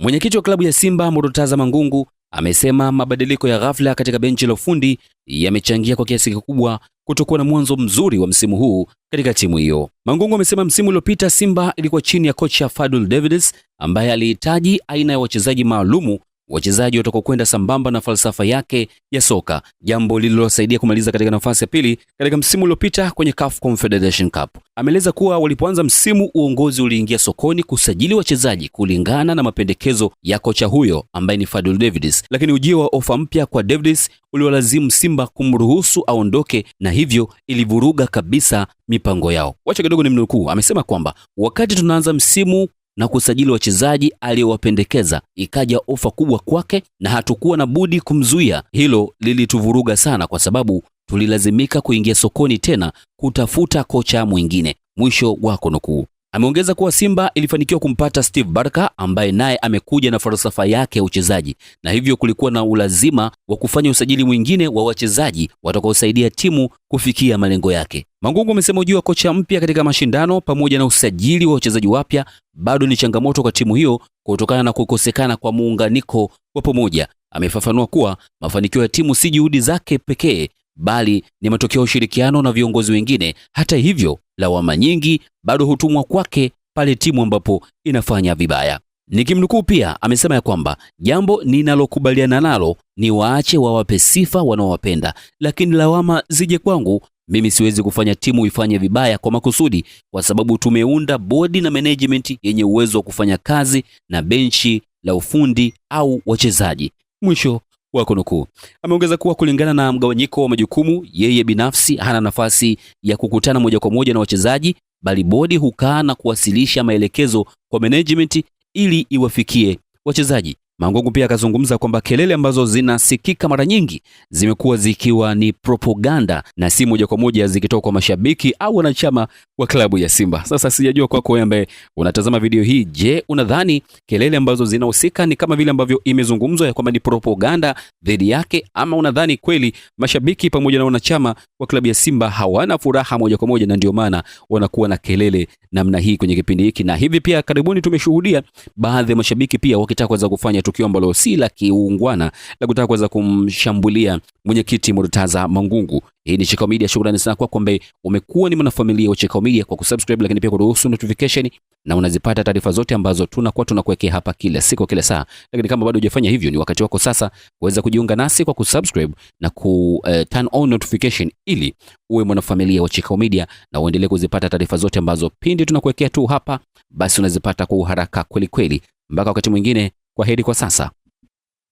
Mwenyekiti wa klabu ya Simba Murtaza Mangungu amesema mabadiliko ya ghafla katika benchi la ufundi yamechangia kwa kiasi kikubwa kutokuwa na mwanzo mzuri wa msimu huu katika timu hiyo. Mangungu amesema msimu uliopita Simba ilikuwa chini ya kocha Fadul Davids ambaye alihitaji aina ya wachezaji maalumu wachezaji watakokwenda sambamba na falsafa yake ya soka, jambo lililosaidia kumaliza katika nafasi ya pili katika msimu uliopita kwenye CAF Confederation Cup. Ameeleza kuwa walipoanza msimu, uongozi uliingia sokoni kusajili wachezaji kulingana na mapendekezo ya kocha huyo ambaye ni Fadul Davids, lakini ujio wa ofa mpya kwa Davids uliwalazimu Simba kumruhusu aondoke na hivyo ilivuruga kabisa mipango yao. Wacha kidogo ni mnukuu, amesema kwamba wakati tunaanza msimu na kusajili wachezaji aliyowapendekeza. Ikaja ofa kubwa kwake na hatukuwa na budi kumzuia. Hilo lilituvuruga sana, kwa sababu tulilazimika kuingia sokoni tena kutafuta kocha mwingine. Mwisho wa kunukuu. Ameongeza kuwa Simba ilifanikiwa kumpata Steve Barker ambaye naye amekuja na falsafa yake ya uchezaji na hivyo kulikuwa na ulazima wa kufanya usajili mwingine wa wachezaji watakaosaidia timu kufikia malengo yake. Mangungu amesema ujio wa kocha mpya katika mashindano pamoja na usajili wa wachezaji wapya bado ni changamoto kwa timu hiyo kutokana na kukosekana kwa muunganiko wa pamoja. Amefafanua kuwa mafanikio ya timu si juhudi zake pekee, bali ni matokeo ya ushirikiano na viongozi wengine. Hata hivyo, lawama nyingi bado hutumwa kwake pale timu ambapo inafanya vibaya. Nikimnukuu pia amesema ya kwamba jambo ninalokubaliana nalo ni waache wawape sifa wanaowapenda, lakini lawama zije kwangu. Mimi siwezi kufanya timu ifanye vibaya kwa makusudi, kwa sababu tumeunda bodi na management yenye uwezo wa kufanya kazi na benchi la ufundi au wachezaji. Mwisho wa kunukuu. Ameongeza kuwa kulingana na mgawanyiko wa majukumu, yeye binafsi hana nafasi ya kukutana moja kwa moja na wachezaji, bali bodi hukaa na kuwasilisha maelekezo kwa management ili iwafikie wachezaji. Mangungu pia akazungumza kwamba kelele ambazo zinasikika mara nyingi zimekuwa zikiwa ni propaganda na si moja kwa moja zikitoka kwa mashabiki au wanachama wa klabu ya Simba. Sasa sijajua kwako wewe ambaye unatazama video hii, je, unadhani kelele ambazo zinahusika ni kama vile ambavyo imezungumzwa ya kwamba ni propaganda dhidi yake, ama unadhani kweli mashabiki pamoja na wanachama wa klabu ya Simba hawana furaha moja kwa moja na ndio maana wanakuwa na kelele namna hii kwenye kipindi hiki? Na hivi pia karibuni tumeshuhudia baadhi ya mashabiki pia wakitaka kuweza kufanya tukio ambalo si la kiungwana la kutaka kuweza kumshambulia mwenyekiti Murtaza Mangungu. Hii ni Chikao Media, shukrani sana kwako ambaye umekuwa ni mwanafamilia wa Chikao Media kwa kusubscribe, lakini pia kuruhusu notification, na unazipata taarifa zote ambazo tunakuwa tunakuwekea hapa kila siku kila saa. Lakini kama bado hujafanya hivyo, ni wakati wako sasa kuweza kujiunga nasi kwa kusubscribe na ku uh, turn on notification ili uwe mwanafamilia wa Chikao Media na uendelee kuzipata taarifa zote ambazo pindi tunakuwekea tu hapa, basi unazipata kwa uharaka kweli kweli. Mpaka wakati mwingine kwa heri kwa sasa.